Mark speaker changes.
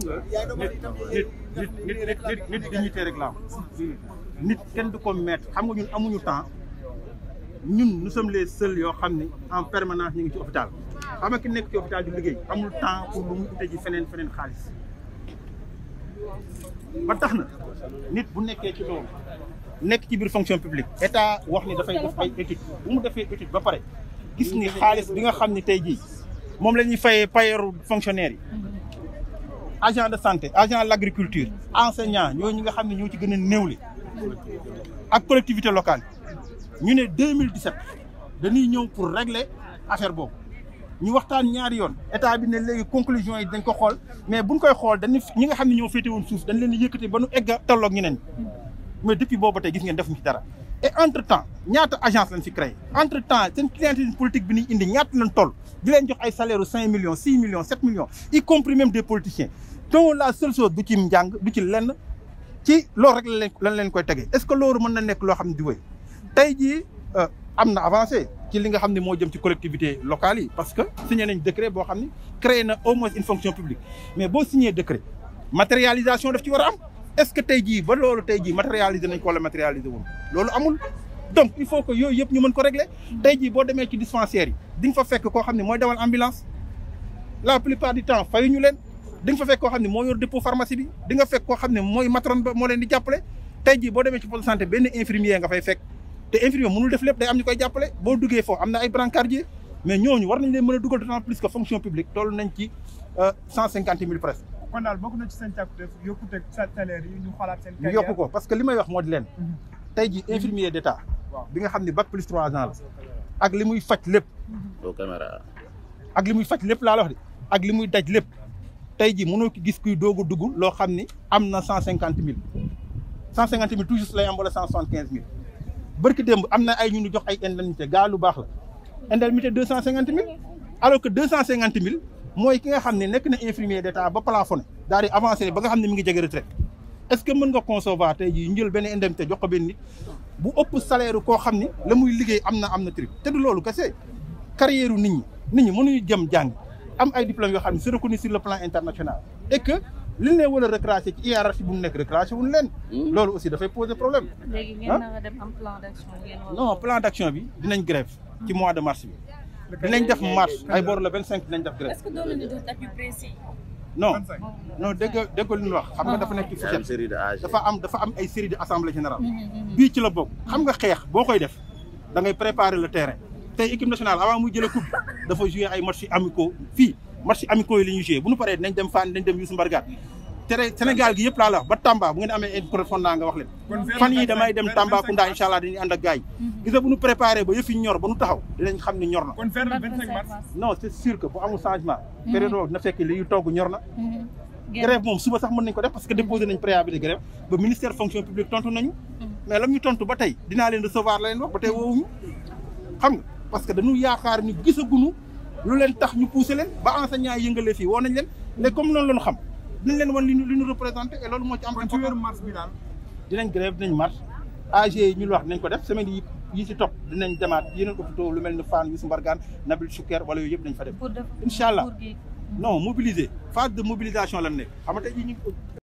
Speaker 1: xam nga nit nit nit nit nit rek la nit kenn du ko mettre xam nga ñun amuñu temps ñun nous sommes les seuls yoo xam ni en permanence ñu ngi ci hôpital xam nga ki nekk ci hôpital di liggéey amul temps pour lu mu ute ji feneen feneen xaalis ba tax na nit bu nekkee ci loolu nekk ci biir fonction publique état wax ni dafay def ay étude bu mu defee étude ba pare gis ni xaalis bi nga xam ni tey jii moom la ñuy fayee payeeru fonctionnaire yi agent de santé agent de l' agriculture enseignant ñooñu nga xam ne ñoo ci gën a néewle ak collectivité locale ñu ne 2017 dañuy ñëw pour régler affaire boobu ñu waxtaan ñaari yoon état bi ne léegi conclusion yi dañ ko xool mais bu buñ koy xool dañu ñi nga xam ne ñoo féete woon suuf dañ leen di yëkkati ba nu egg a tolloog ñeneen mais depuis boobu te gis ngeen def ñu ci dara et entre temps ñaata agence lañ fi créé entre temps seen clientèle politique bi ñuy indi ñaata lañ toll di leen jox ay salaire u cinq millions six millions sept millions y compris des politiciens dont la seule chose du ci njàng du ci lenn ci loolu rek lañ lañ leen koy tegee est-ce que loor mën na nekk loo xam ne di tey jii euh, am na avancé ci li nga xam ne moo jëm ci collectivité locale yi parce que signé nañ décret boo xam ni créé na au moins une fonction publique mais boo signé décret matérialisation daf ci war a am est-ce que tey ji ba loolu tey jii matérialiser nañ ko wala matérialiser wul loolu amul donc il faut que yooyu yëpp ñu mën ko régler tey jii boo demee ci dispensaire yi di nga fa fekk koo xam ne mooy dawal moo yor dépôt pharmacie bi di nga fekk koo xam ne mooy matron ba moo leen di jàppale tey jii boo demee ci poste santé benn infirmier nga fay fekk te infirmier mënul def lépp day am ñu koy jàppale boo duggee foofu am na ay brancardier mais ñooñu war nañ leen mën a dugal euh, mille presque kon bokk ci seen xalaat seen. ñu yokk ko parce que li may wax moo leen. Mhm. tey jii infirmier d' état. bi nga xam ne bac plus trois ans la. ak li muy faj lépp. caméra. ak li muy faj lépp laa la wax de ak li muy daj lépp. tey jii mënoo ki gis kuy doogu a dugg loo xam ni am na cent cinquante mille cent cinquante mille toujours lay am wala cent soixante quinze mille bërki am na ay ñu ñu jox ay indemnité gaa lu baax la indemnité deux cent cinquante mille alors que deux cent cinquante mille mooy ki nga xam ne nekk na infirmier d'état ba plafonné daal di avancé ba nga xam ne mi ngi jege retraite est-ce que mën nga concevoir tey jii njël benn indemnité jox ko benn nit bu ëpp salaire koo xam ni la muy liggéey am na am na trip te du loolu kese carrière nit ñi nit ñi mënuñu jëm jàng am ay diplômes yoo xam ne c'est reconnu sur le plan international et que li ñu leen war a recraché ci bu mu nekk recraché wuñu leen. Hmm. loolu aussi dafay poser problème. léegi ngeen ah. na bi dinañ grève. ci mois de mars bi. dinañ def marché ay bor la vingt cinq def grève. est-ce que nañu def date non non dégg dégg lu ñu wax xam nga dafa nekk ci fichier dafa am dafa am ay série de assemblée générale mm-hmm, mm-hmm. bii ci la bokk xam nga xeex boo koy def da ngay préparer le terrain te équipe nationale avant muy jëlee coupe dafa jouer ay match amicaux fii match amicaux yi la ñuy jouer bu ñu paree dinañ dem Fann dinañ dem Youssou Mbargane tere Sénégal gi yëpp laa la wax ba Tamba bu ngeen amee correspondant nga wax leen fan yi damay dem Tambacounda incha allah dañuy ànd ak gars yi mhm. gis bu ñu préparé ba yëf ñor ba ñu taxaw dinañ xam ne ñor na non c'est sûr que bu amul changement mhm. période fekk li yu togg ñor na mhm. grève moom suba sax mën nañ ko def parce que déposé nañ préavis de grève ba ministère fonction publique tontu nañu mais lam tontu ba tey dinaa leen recevoir la leen wax ba tey yaakaar ni gisaguñu lu leen tax ñu poussé leen ba enseignant yëngale fii woo nañ leen mais comme noonu lañu xam duñ leen wan li ñu li ñu représenté et loolu moo ci am. important kon ci weeru mars bi daal. dinañ grève dinañ marche AG yi ñu wax dinañ ko def semaine yi si ci topp dinañ demaat yeneen hôpitaux lu mel ni Fann Youssou Mbargane Nabil Choucair wala yooyu yëpp dañ fa def. incha allah non mobilisé phase de mobilisation lan nekk xam nga ñu